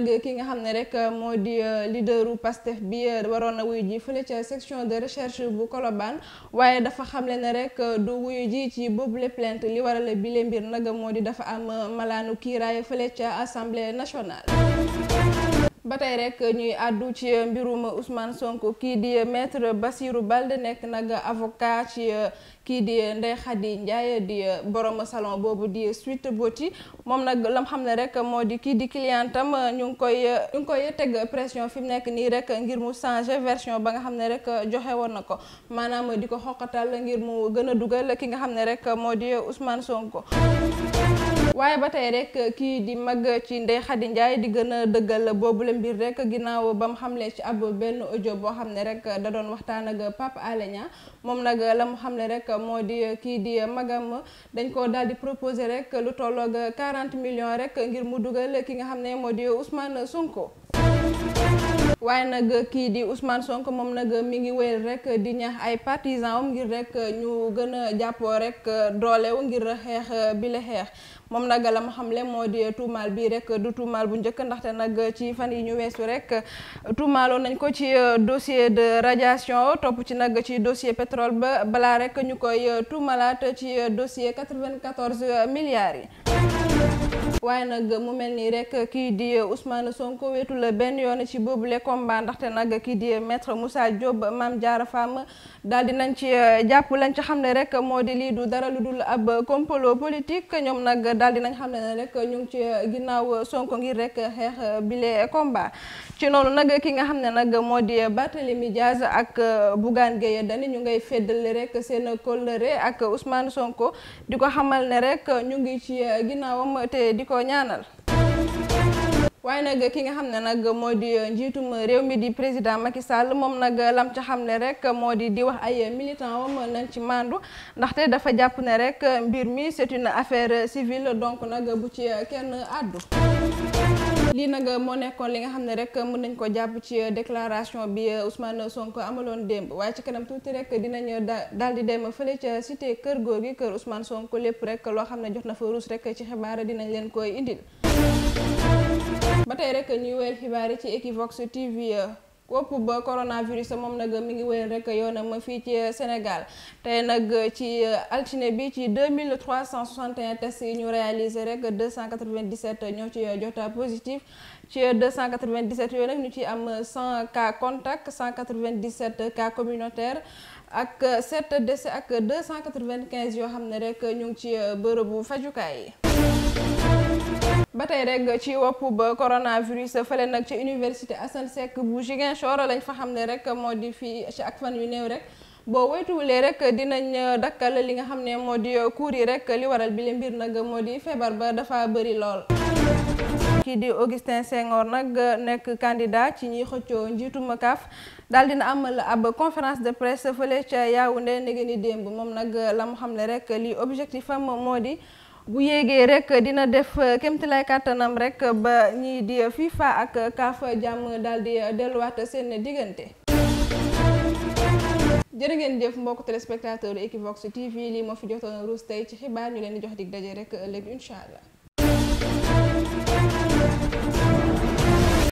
nag ki nga xam ne rek euh, moo di euh, leaderu Pastef bi euh, waroon na wuyu ji fële ca section de recherche bu Colobane waaye dafa xamle ne rek du wuyu ji ci boobule plainte li waral bile mbir nag moo di dafa am malaanu kiiraay fële ca assemblée nationale. ba tey rek ñuy àddu ci mbirum Ousmane Sonko kii di maître Bassirou Balde nekk nag avocat ci kii di Ndeye Khady Ndiaye di borom salon boobu di Sweet Beauty moom nag lam xam ne rek moo di kii di clientam ñu ngi koy ñu ngi koy teg pression fi mu nekk nii rek ngir mu changer version ba nga xam ne rek joxe woon na ko maanaam di ko xoqatal ngir mu gën a dugal ki nga xam ne rek moo di Ousmane Sonko. waaye ba tey kii di mag ci Ndeye Khady Ndiaye di gën a dëggal boobule. mbir rek ginnaaw ba mu xamle ci ab benn audio boo xam ne rek da doon waxtaan ak Pape Alé moom nag la mu xamle rek moo di kii di magam dañ ko daal di proposer rek lu tolloog 40 millions rek ngir mu dugal ki nga xam ne moo di Ousmane Sonko. waaye nag kii di Ousmane sonk moom nag mi ngi wéyal rek di ñax ay partisans ngir rek ñu gën a jàppoo rek doolew ngir xeex bile xeex moom nag la ma xamle moo di tuumaal bii rek du tuumaal bu njëkk ndaxte nag ci fan yi ñu weesu rek tuumaaloon nañ ko ci dossier de radiation topp ci nag ci dossier pétrole ba balaa rek ñu koy tuumalaat ci dossier 94 milliards yi. waaye nag mu mel nii rek kii di usmaan Sonko wetu la benn yoon ci boobu le combat ndaxte nag kii di maître Moussa Diop Mame jaara Fam daal di nañ ci euh, jàpp lañ ci xam ne rek moo di lii du dara lu ab complot politique ñoom nag daal di nañ xam ne ñu ngi ci euh, ginnaaw Sonko ngir rek xeex bile combat ci noonu nag ki nga xam ne nag moo di Barthélemy Diaz ak euh, Bougane Gueye Dany ñu ngay feddali rek seen kóllëre ak Ousmane Sonko di ko xamal ne rek ñu ngi ci ginnaawam te di ko koo waaye nag ki nga xam ne nag moo di eh, njiitum réew mi di président Macky Sall moom nag lam ca xam ne rek moo di di wax ay militant wam nañ ci mandu ndaxte dafa jàpp ne rek mbir mi c'est une affaire civile donc nag bu ci kenn àddu lii nag moo nekkoon li nga xam ne rek mën nañ ko jàpp ci euh, déclaration bi euh, Ousmane sonk amaloon démb waaye ci kanam tuuti rek dinañ euh, daal di dem fële ca cité kër góor gi kër Ousmane Sonko lépp rek loo xam ne jot na fa ruus rek ci xibaar dinañ leen koy indil ba rek ñuy wéyal ci Equivox wopp ba coronavirus moom nag mi ngi wéyal rek yoonam fii ci Sénégal tey nag ci altine bi ci 2361 tests yi ñu réalisé rek 297 ñoo ci jota positif ci 297 yooyu nag ñu ci am 100 cas contact 197 cas communautaire ak 7 dese ak 295 yoo xam ne rek ñu ngi ci bërëbu fajukaay yi ba tey rek ci wopp ba coronavirus fële nag ci université Assane Seck bu Ziguinchor lañ fa xam ne rek moo di fii ci ak fan yu néew rek boo woytuwulee rek dinañ euh, dakkal li nga xam ne moo di euh, cours yi rek li waral bile mbir nag moo di feebar ba dafa bëri lool. kii di Augustin Senghor nag nekk candidat ci ñiy xëccoo njiitum CAF daal dina amal ab conférence de presse fële ca Yaoundé ndege ni démb moom nag la xam ne rek li objectif am moo di. bu yéegee rek dina def euh, kémtilay kàttanam rek ba ñii di FIFA ak kaafa jàmm daal di delluwaat seen diggante jërë ngeen jëf mbokk téléspectateur Equivox TV lii moo fi jotoon ruus tey ci xibaar ñu leen di jox di daje rek ëllëg incha allah